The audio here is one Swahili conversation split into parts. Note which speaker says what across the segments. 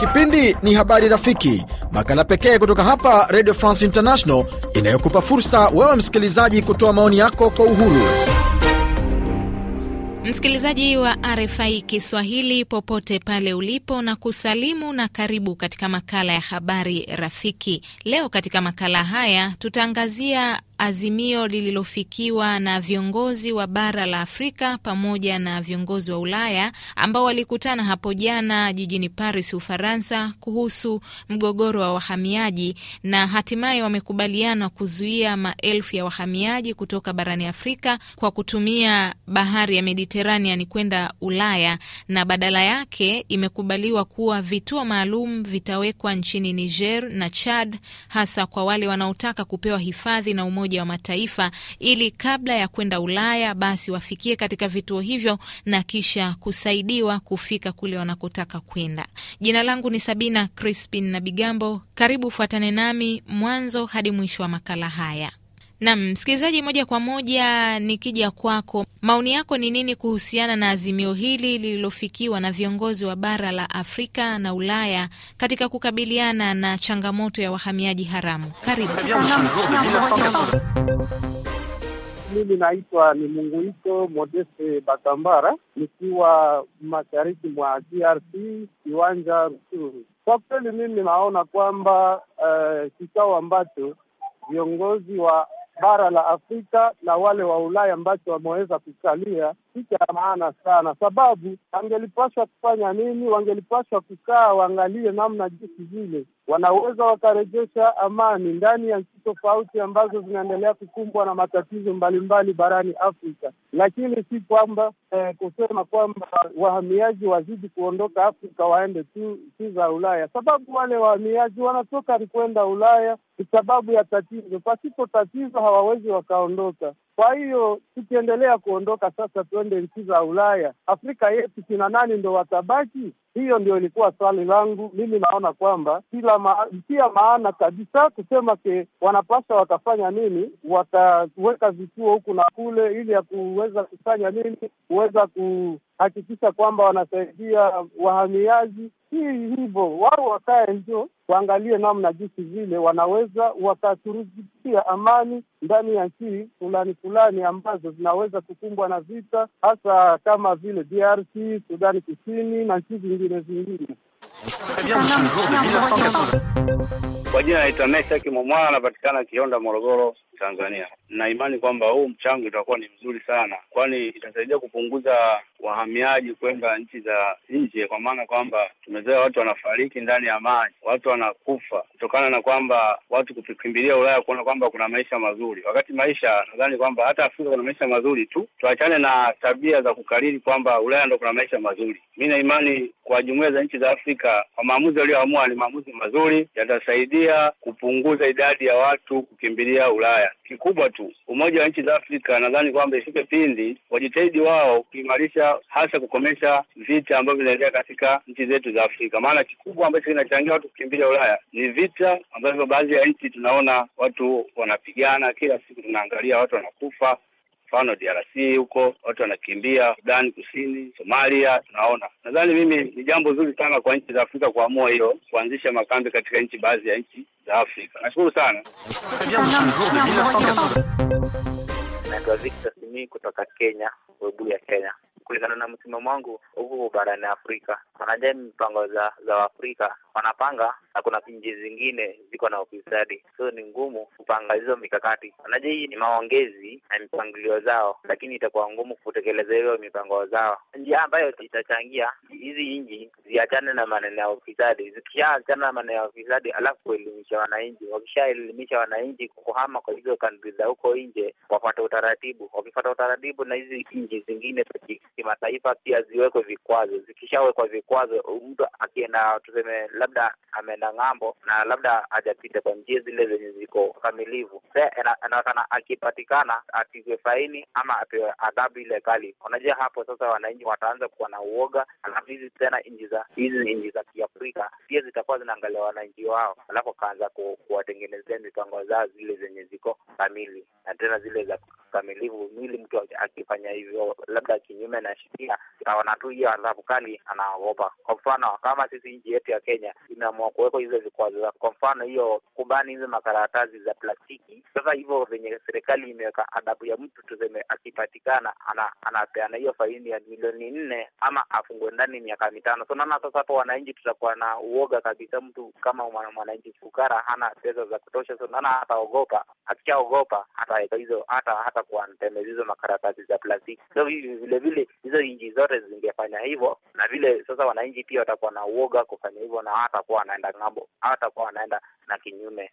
Speaker 1: Kipindi ni Habari Rafiki, makala pekee kutoka hapa Radio France International inayokupa fursa wewe msikilizaji kutoa maoni yako kwa uhuru.
Speaker 2: Msikilizaji wa RFI Kiswahili popote pale ulipo na kusalimu na karibu katika makala ya habari rafiki. Leo katika makala haya tutaangazia azimio lililofikiwa na viongozi wa bara la Afrika pamoja na viongozi wa Ulaya ambao walikutana hapo jana jijini Paris, Ufaransa, kuhusu mgogoro wa wahamiaji na hatimaye wamekubaliana kuzuia maelfu ya wahamiaji kutoka barani Afrika kwa kutumia bahari ya Mediterranean kwenda Ulaya, na badala yake imekubaliwa kuwa vituo maalum vitawekwa nchini Niger na Chad, hasa kwa wale wanaotaka kupewa hifadhi na Umoja Umoja wa Mataifa ili kabla ya kwenda Ulaya basi wafikie katika vituo hivyo na kisha kusaidiwa kufika kule wanakotaka kwenda. Jina langu ni Sabina Crispin na Bigambo. Karibu, fuatane nami mwanzo hadi mwisho wa makala haya. Nam msikilizaji, moja kwa moja nikija kwako, maoni yako ni nini kuhusiana na azimio hili lililofikiwa na viongozi wa bara la Afrika na Ulaya katika kukabiliana na changamoto ya wahamiaji haramu? Karibu.
Speaker 3: Mimi naitwa ni Munguiko Modeste Batambara, nikiwa mashariki mwa DRC, kiwanja rusuru Kwa kweli, mimi naona kwamba uh, kikao ambacho viongozi wa bara la Afrika na wale wa Ulaya ambacho wameweza kusalia kitu ya maana sana, sababu wangelipaswa kufanya nini? Wangelipaswa kukaa waangalie namna jinsi zile wanaweza wakarejesha amani ndani ya nchi tofauti ambazo zinaendelea kukumbwa na matatizo mbalimbali barani Afrika, lakini si kwamba eh, kusema kwamba wahamiaji wazidi kuondoka Afrika waende tu nchi za Ulaya, sababu wale wahamiaji wanatoka kwenda Ulaya ni sababu ya tatizo. Pasipo tatizo hawawezi wakaondoka. Kwa hiyo tukiendelea kuondoka sasa, tuende waende nchi za Ulaya, Afrika yetu kina nani ndo watabaki? Hiyo ndio ilikuwa swali langu. Mimi naona kwamba kila ma, maana kabisa kusema ke wanapaswa watafanya nini, wataweka vituo huku na kule, ili ya kuweza kufanya nini, kuweza ku hakikisha kwamba wanasaidia wahamiaji. Hii hivyo wao wakae ndio waangalie namna jinsi vile wanaweza wakaturudikia amani ndani ya nchi fulani fulani ambazo zinaweza kukumbwa na vita, hasa kama vile DRC, Sudani Kusini na nchi zingine zingine.
Speaker 4: Kwa jina naitwa Mesaki Momwala, anapatikana Kihonda, Morogoro, Tanzania. Na imani kwamba huu mchango utakuwa ni mzuri sana, kwani itasaidia kupunguza wahamiaji kwenda nchi za nje, kwa maana kwamba tumezoea watu wanafariki ndani ya maji, watu wanakufa kutokana na kwamba watu kukimbilia Ulaya kuona kwamba kuna maisha mazuri, wakati maisha, nadhani kwamba hata Afrika kuna maisha mazuri tu. Tuachane na tabia za kukariri kwamba Ulaya ndo kuna maisha mazuri. Mi na imani kwa jumuiya za nchi za Afrika husika kwa maamuzi walioamua ni maamuzi mazuri, yatasaidia kupunguza idadi ya watu kukimbilia Ulaya. Kikubwa tu umoja wa nchi za Afrika nadhani kwamba ifike pindi wajitahidi wao kuimarisha, hasa kukomesha vita ambavyo vinaendelea katika nchi zetu za Afrika, maana kikubwa ambacho kinachangia watu kukimbilia Ulaya ni vita ambavyo baadhi ya nchi tunaona watu wanapigana kila siku, tunaangalia watu wanakufa mfano DRC huko watu wanakimbia, Sudani Kusini, Somalia tunaona. Nadhani mimi ni jambo zuri sana kwa nchi za Afrika kuamua hiyo kuanzisha
Speaker 5: makambi katika nchi baadhi ya nchi za Afrika. Nashukuru sana. Naitwa Victor Simi kutoka Kenya, Webuye ya Kenya. Kulingana na msimamo wangu, huku barani Afrika wanajai mipango za za Waafrika wanapanga na kuna nchi zingine ziko na ufisadi, so ni ngumu kupanga hizo mikakati. Unajua, hii ni maongezi na mipangilio zao, lakini itakuwa ngumu kutekeleza hiyo mipango zao. Njia ambayo itachangia hizi nchi ziachane na maneno ya ufisadi. Zikishaachana na maneno ya ufisadi, alafu kuelimisha wananchi. Wakishaelimisha wananchi kuhama kwa hizo kandri za huko nje, wafuate utaratibu. Wakifuata utaratibu, na hizi nchi zingine za kimataifa pia ziwekwe vikwazo. Zikishawekwa vikwazo, mtu akienda tuseme, labda ameenda ng'ambo na labda hajapita kwa njia zile zenye ziko kikamilifu. nasana akipatikana apigwe faini ama apewe adhabu ile kali. Unajua hapo sasa wananchi wataanza kuwa na uoga, alafu hizi tena nchi za hizi nchi za Kiafrika pia zitakuwa zinaangalia wananchi wao, alafu akaanza kuwatengenezea mipango zao zile zenye ziko kamili na tena zile za kikamilifu Mwili mtu akifanya hivyo, labda kinyume na sheria, itaona tu hiyo adhabu kali, anaogopa. Kwa mfano kama sisi nchi yetu ya Kenya inaamua kuwekwa hizo vikwazo, kwa mfano hiyo kubani hizo makaratasi za plastiki. Sasa hivyo venye serikali imeweka adhabu ya mtu tuseme, akipatikana anapeana hiyo faini ya milioni nne ama afungwe ndani miaka mitano. So naona sasa hapo wananchi tutakuwa na uoga kabisa. Mtu kama mwananchi fukara hana pesa za kutosha, so naona ataogopa. Akishaogopa hataweka hizo hata hata kuwatembeza hizo makaratasi za plastiki. So vile vile hizo nchi zote zingefanya hivyo, na vile sasa wananchi pia watakuwa na uoga kufanya hivyo, na hatakuwa wanaenda ng'ambo, hatakuwa wanaenda na kinyume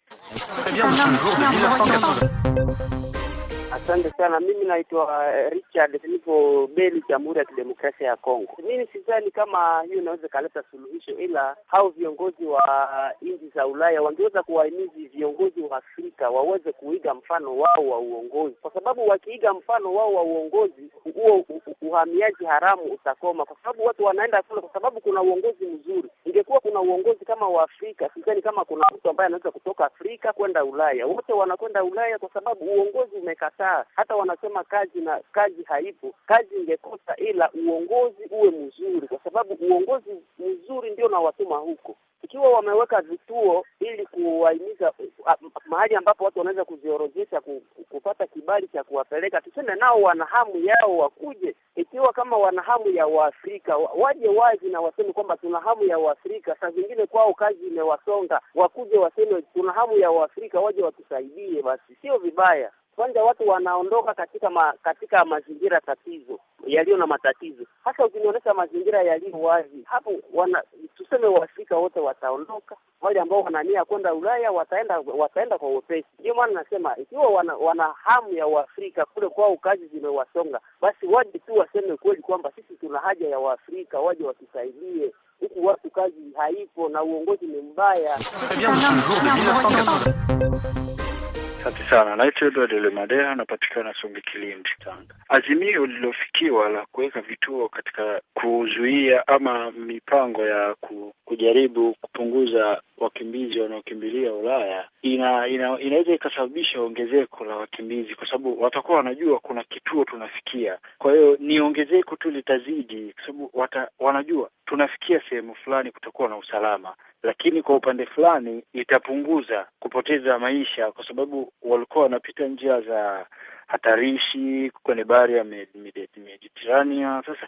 Speaker 6: Asante sana. Mimi naitwa eh, Richard, nipo Beli, Jamhuri ya Kidemokrasia ya Kongo. Mimi sidhani kama hiyo inaweza ikaleta suluhisho, ila hao viongozi wa nchi za Ulaya wangeweza kuwahimizi viongozi wa Afrika waweze kuiga mfano wao wa uongozi, kwa sababu wakiiga mfano wao wa uongozi huo uhamiaji haramu utakoma, kwa sababu watu wanaenda kule, kwa sababu kuna uongozi mzuri. Ingekuwa kuna uongozi kama wa Afrika, sidhani kama kuna mtu ambaye anaweza kutoka Afrika kwenda Ulaya. Wote wanakwenda Ulaya kwa sababu uongozi umekataa kukataa. Hata wanasema kazi na kazi haipo, kazi ingekosa, ila uongozi uwe mzuri, kwa sababu uongozi mzuri ndio nawatuma huko. Ikiwa wameweka vituo ili kuwahimiza mahali ambapo watu wanaweza kuziorojesha kupata kibali cha kuwapeleka, tuseme nao wana hamu yao wakuje. Ikiwa kama wana hamu ya Waafrika waje wazi na waseme kwamba tuna hamu ya Waafrika. Saa zingine kwao kazi imewasonga, wakuje waseme tuna hamu ya Waafrika, waje watusaidie. Basi sio vibaya kwanza watu wanaondoka katika ma, katika mazingira tatizo yaliyo na matatizo. Hasa ukinionyesha mazingira yaliyo wazi hapo, wana tuseme Waafrika wote wataondoka, wale ambao wanania kwenda Ulaya wataenda wataenda kwa wepesi. Ndio maana nasema ikiwa wana, wana hamu ya Waafrika kule kwao kazi zimewasonga, basi waje tu waseme kweli kwamba sisi tuna haja ya Waafrika, waje watusaidie huku watu kazi haipo na uongozi ni mbaya eh,
Speaker 1: Asante sana. Naitwa Edward Lemadea, napatikana Songe Kilindi, Tanga. Azimio lililofikiwa la kuweka vituo katika kuzuia ama mipango ya ku kujaribu kupunguza wakimbizi wanaokimbilia Ulaya
Speaker 5: ina, ina,
Speaker 1: inaweza ikasababisha ongezeko la wakimbizi, kwa sababu watakuwa wanajua kuna kituo tunafikia. Kwa hiyo ni ongezeko tu litazidi, kwa sababu wanajua tunafikia sehemu fulani, kutakuwa na usalama. Lakini kwa upande fulani itapunguza kupoteza maisha, kwa sababu walikuwa wanapita njia za hatarishi kwenye bahari ya
Speaker 5: Mediterania.
Speaker 1: Sasa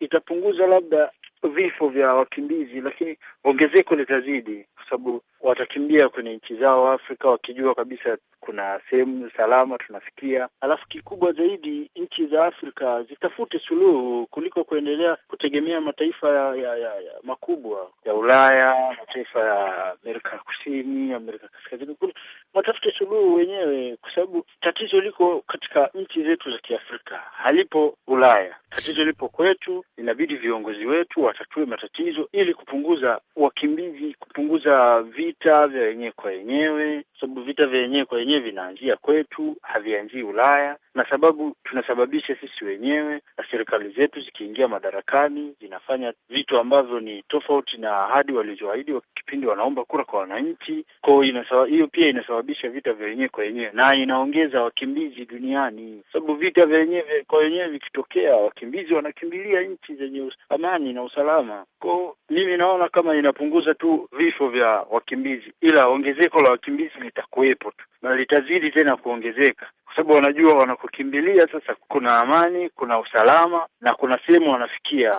Speaker 1: itapunguza labda vifo vya wakimbizi, lakini ongezeko litazidi kwa sababu watakimbia kwenye nchi zao Afrika wakijua kabisa kuna sehemu salama tunafikia. Alafu kikubwa zaidi, nchi za Afrika zitafute suluhu kuliko kuendelea kutegemea mataifa ya, ya, ya, ya makubwa ya Ulaya, mataifa ya Amerika ya Kusini, Amerika Kaskazini kule, watafute suluhu wenyewe, kwa sababu tatizo liko katika nchi zetu za Kiafrika, halipo Ulaya. Tatizo lipo kwetu, inabidi viongozi wetu watatue matatizo ili kupunguza wakimbizi, kupunguza vita vya wenyewe kwa wenyewe, sababu vita vya wenyewe kwa wenyewe vinaanzia kwetu, havianzii Ulaya na sababu tunasababisha sisi wenyewe, na serikali zetu zikiingia madarakani zinafanya vitu ambavyo ni tofauti na ahadi walizoahidi kipindi wanaomba kura kwa wananchi. ko hiyo pia inasababisha vita vya wenyewe kwa wenyewe, na inaongeza wakimbizi duniani, sababu vita vya wenyewe kwa wenyewe vikitokea, wakimbizi wanakimbilia nchi zenye amani na usalama. ko mimi naona kama inapunguza tu vifo vya wakimbizi, ila ongezeko la wakimbizi litakuwepo tu na litazidi tena kuongezeka, kwa sababu wanajua wanaku kukimbilia sasa, kuna amani, kuna usalama na kuna sehemu wanafikia.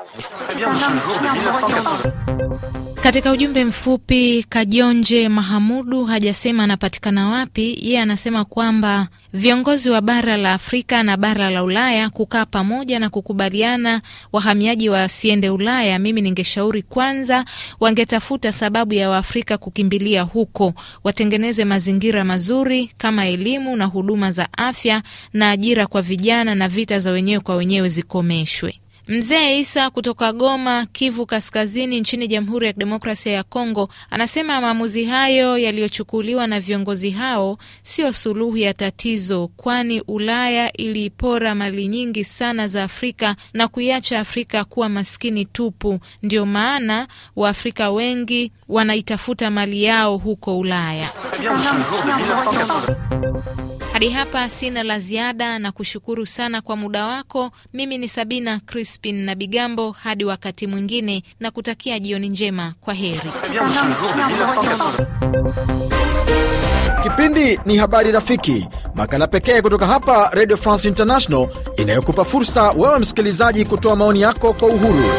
Speaker 2: Katika ujumbe mfupi Kajonje Mahamudu hajasema anapatikana wapi. Yeye anasema kwamba viongozi wa bara la Afrika na bara la Ulaya kukaa pamoja na kukubaliana wahamiaji wasiende Ulaya, mimi ningeshauri kwanza wangetafuta sababu ya Waafrika kukimbilia huko, watengeneze mazingira mazuri kama elimu na huduma za afya na ajira kwa vijana, na vita za wenyewe kwa wenyewe zikomeshwe. Mzee Isa kutoka Goma, Kivu Kaskazini, nchini Jamhuri ya Kidemokrasia ya Kongo, anasema maamuzi hayo yaliyochukuliwa na viongozi hao sio suluhu ya tatizo, kwani Ulaya iliipora mali nyingi sana za Afrika na kuiacha Afrika kuwa maskini tupu. Ndio maana Waafrika wengi wanaitafuta mali yao huko Ulaya. Hadi hapa sina la ziada na kushukuru sana kwa muda wako. Mimi ni Sabina Crispin na Bigambo, hadi wakati mwingine na kutakia jioni njema, kwa heri.
Speaker 1: Kipindi ni Habari Rafiki, makala pekee kutoka hapa Radio France International inayokupa fursa wewe msikilizaji kutoa maoni yako kwa uhuru.